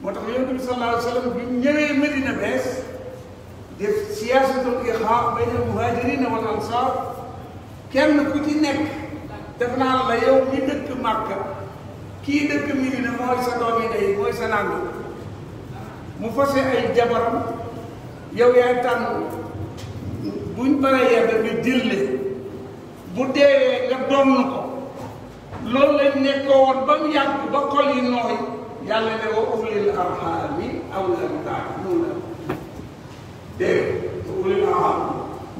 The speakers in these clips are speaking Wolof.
moo tax yonent bi sallallahu alayhi wa bi ñëwee Medina bees def siyaasatul ixaa bayna muhaajirina wal ansaar kenn ku ci nekk def naa la yow mi dëkk Màkka kii dëkk Medina mooy sa doom yi day mooy sa nangu mu fase ay jabaram yow yaay tànn buñ paree yedda bi dille bu deewee nga donn ko loolu lañ nekkoo woon ba mu yàgg ba xol yi nooy yàlla ne wa ulil arhami awlam ta'lamuuna dégg ulil arham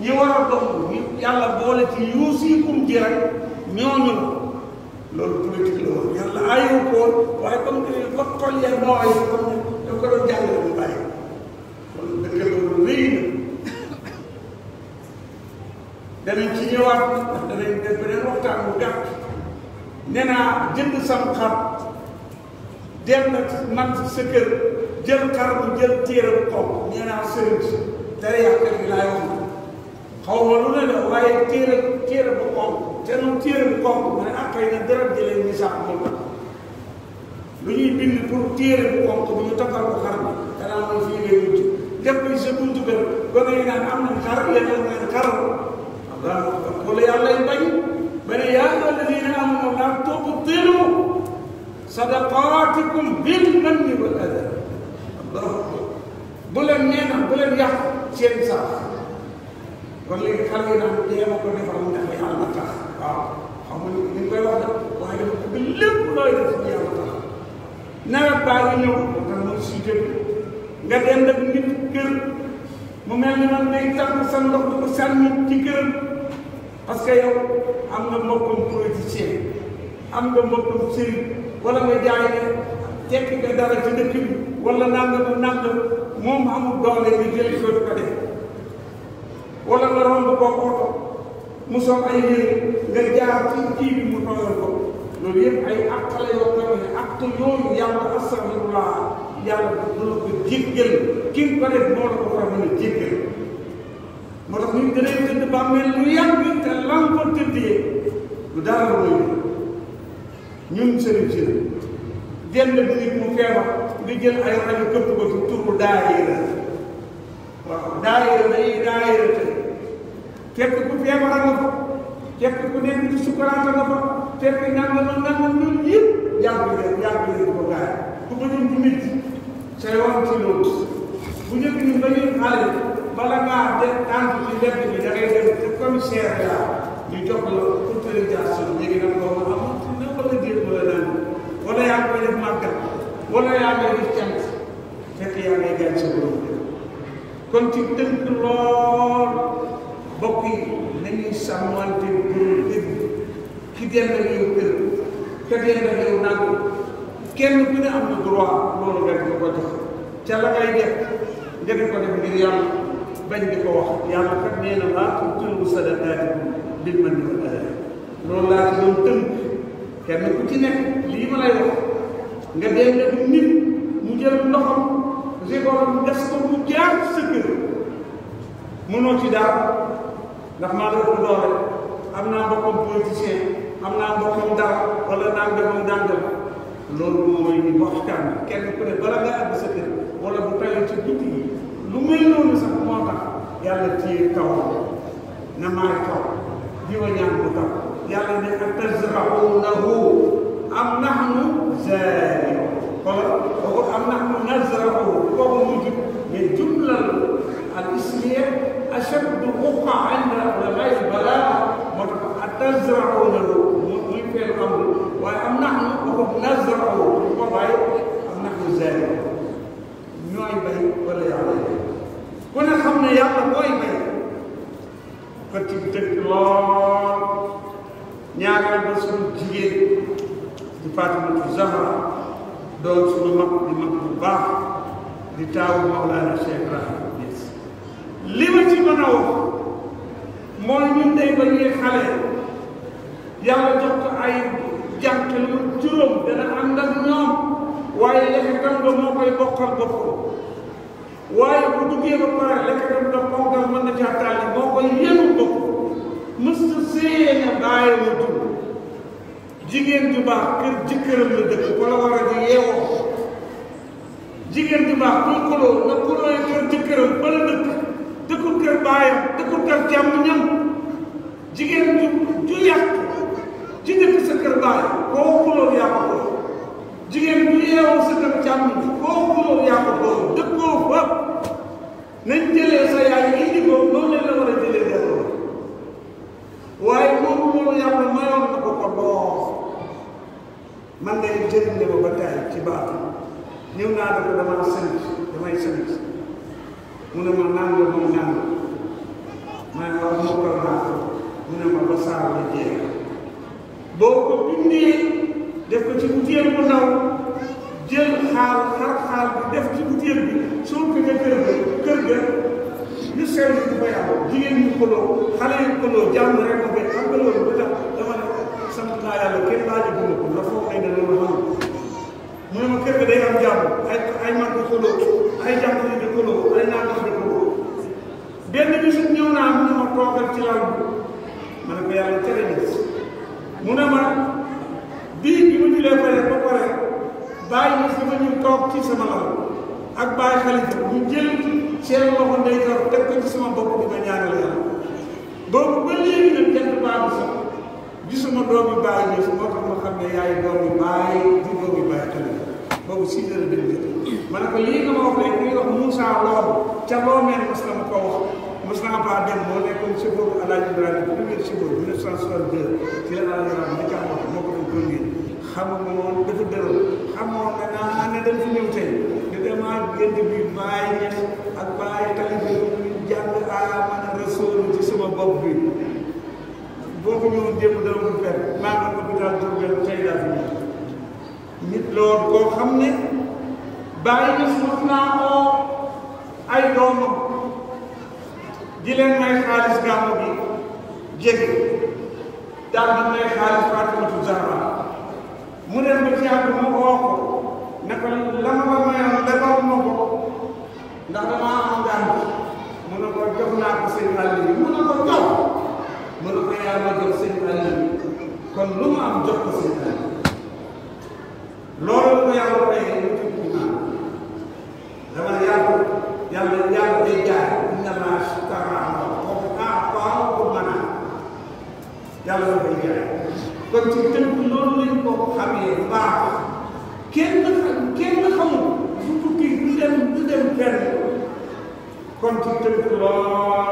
ñi war a dox ñu yàlla boole ci yuusikum ji rek ñooñu loolu politique la yàlla ayoo waaye comme que ba tool yee moo ay comme daf ko doon jàngale bu bàyyi kon loolu danañ ci ñëwaat danañ def beneen waxtaan bu gàtt nee naa jënd sam xar dem na man sa jël xarabu jël téeram kaw nee naa sëriñ si dara yàq bi laay wax xaw ma lu ne la waaye téere téere bu kaw te noonu téere bu kaw mu ne ah kay lu ñuy bind pour téere bu konk bu ñu takkal ko xar bi man fii ngay wut def koy sa buntu kër gone yi naan am nañ xar yeneen ngeen xar allah akbar loolu yàlla lay bañ ba ne yaa alladina amanu laa tuqtilu sadaqaatikum bil manni wal adha allahu akbar bu leen neena bu leen yàq seen sax kon léegi xale yi naan jéem a ko defal mu ndax yàlla tax waaw xam nga ni ñu koy wax nag waaye dafa bëgg lépp looy def yàlla tax nawet baa ngi ñëw kan mooy nga dend ak nit mu mel ni man day tànn sa ndox di ko sànni ci kër parce que yow am nga mbokkum politicien am nga mbokkum sëriñ wala nga jaay ne tekki nga dara ci dëkk bi wala nangamu nangam moom amul doole nga jëli ko ko def wala nga romb boo oto mu soog ay yére nga jaar ci kii bi mu tooyal ko loolu yëpp ay àq la yoo xam ne àq yooyu yàlla astaghfirullah yàlla dina ko jéggal ki nga ko def moo la ko war a mën a jéggal moo tax ñu gën a tëdd bàmmeel lu yàgg te lan ko tëddee lu dara loolu ñun sëriñ si jënd nit mu feebar di jël ay rajo këpp ko ci turu daayira waaw daayira day daayira te képp ku feebar nga fa képp ku nekk ci sukuraat nga fa képp nangam ak nangam ñun yëpp jàppale leen jàppale leen ko gaay ku ko jëm ci nit say wax ci loolu bu njëkk ñun dañuy xaale bala ngaa tànk ci lekk bi da ngay dem ci commissaire la ñu jox la wala ya nga def ci fekk ya ngay gën ci borom kon ci teunk lool bokk yi nañu samanté pour dégg ki dem ak yow kër ka dem ak yow nangu kenn ku ne am droit loolu nga di ko def ca la ngay def nga di ko def ngir yàlla bañ di ko wax yàlla kat nee na laa ko tëlu sadaqaati bil man wal ahli loolu laa ci doon teunk kenn nga dem def nit mu jël ndoxam rigoram des ko mu jaar sa kër mënoo ci daal ndax maa ngi doon am naa mbokkam politicien am naa mbokkam dara wala nangam ak nangam loolu mooy ni waxtaan kenn ku ne bala nga àgg sa kër wala bu tawee ci guddi gi lu mel noonu sax moo tax yàlla téye taw na maay taw jiw bu taw yàlla ne ak tajrahuunahu أم نحن زارعون أم نحن نزرع وهو من الجملة الاسمية أشد وقع عند علماء Faatimatu Zahra doon suñu mag di mag bu baax di taawu Mawlaana Cheikh Ibrahima Niass li ma ci mën a wax mooy ñun day ba ñuy xale yàlla jox ko ay jant lu juróom dana ànd ak ñoom waaye lekk ba moo koy bokkal boppam waaye bu duggee ba pare lekk gam da ponkal mën na caa moo koy yenu bopp mësta séye na bàyyi ma dugg jigéen ju baax kër jëkkëram la dëkk wala war a di jigéen ju baax kuy kuloo na kuloo kër jëkkëram bala dëkk dëkkul kër baayam dëkkul kër jàmm ñam jigéen ju ju yàq ci kër baay koo kuloo yaa ko kuloo jigéen ju yeewoo sa kër jàmm bi koo kuloo yaa ko kuloo dëkkoo fa nañ man day jëriñ la ba tay ci baax ñëw naa dafa dama sënc damay sënc mu ne ma naan la moom naan la ne wax mokkal naa ko mu ne ma ba saar la jeex boo ko bindee def ko ci butéel bu ndaw jël ne sant naa yàlla kenn laa ji dafa wax ay ne loolu a mu ne ma kër ga day am jàmm ay ay mag di xuloo ay jàmm di xuloo ay naan di xuloo benn bi su naa mu ne ma toogal ci lal bi ma ne a yàlla tere na mu ne ma bii bi mu julee pare ba pare bàyyi ma fi ma ñu toog ci sama lal ak bàyyi xalifa mu jël seen loxo ndeyjoor teg ko ci sama bopp bi ma ñaanale ci doomi baay ñëw moo tax ma xam ne yaay doomi baay di doomi baay tamit boobu six heures de ma ne nga naa ba dem moo nekkoon chauffeur bu Alaaji Ibrahima premier chauffeur 1962 ci la Alaaji Ibrahima dafa dëral xamoon na naa ne dañ fi ñëw tey ne damaa génn bi bàyyi ñes ak bàyyi ci sama bopp bi boo ko ñëwoon démb dana ko fer maa ngi hôpital Diourbel tey laa fi ñëw nit loolu koo xam ne bàyyi bi suuf naa ko ay doomu di leen may xaalis gàmmu bi jege daal di may xaalis Fatimatu Zahra mu ne ma ci àgg ma woo ko ne ko la ma mayoon lebal ma ko ndax damaa am gàmmu maam jox ko seen ay loolu ko yàlla béyee lu ci iman dama yàlla yàlla yàlla day jaay inna ma sutara comme ah waaw ko mën a yàlla day jaay kon ci tënk loolu lañ ko xamee baax kenn kenn xamul bu tukki du dem du dem fenn kon ci tënk loolu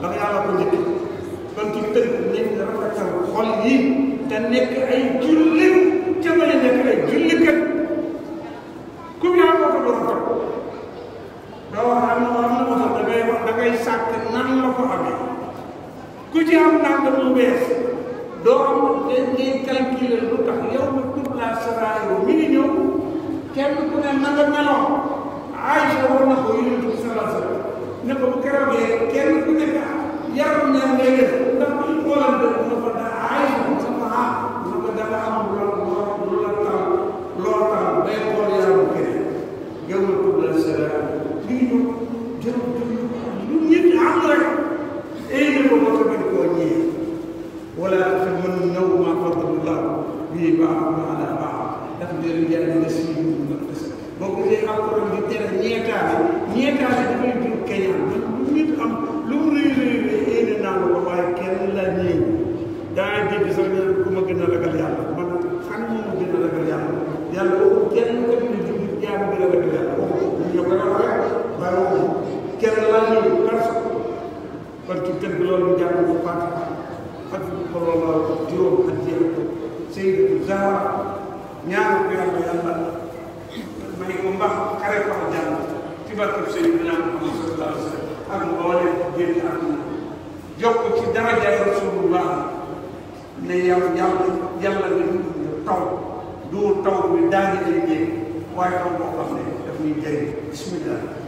ndax yàlla ko njëkk kon ci tënk nañ rafetal xol yi te nekk ay julli ولا تحرمن النوم ما فضل الله به بعضنا على بعض daf ne leen na suñu dund nga des boo ko gisee alquran di tere ñeetaane ñeetaane dafay jur keñaan bu nit am lu mu rëy rëy rëy éene naa la ko waaye kenn la daa dégg sax ne ku ma gën a ragal yàlla xare ko jàmm ci barkeb Seydina Muhammad sallallahu alayhi wa sallam ak mboolem génn àdduna yokk ci daraja Rasulullah ne yow yàlla yàlla nga ñu taw du taw bi daal di ay jéeg waaye taw boo xam ne daf ñuy jëriñ bismillah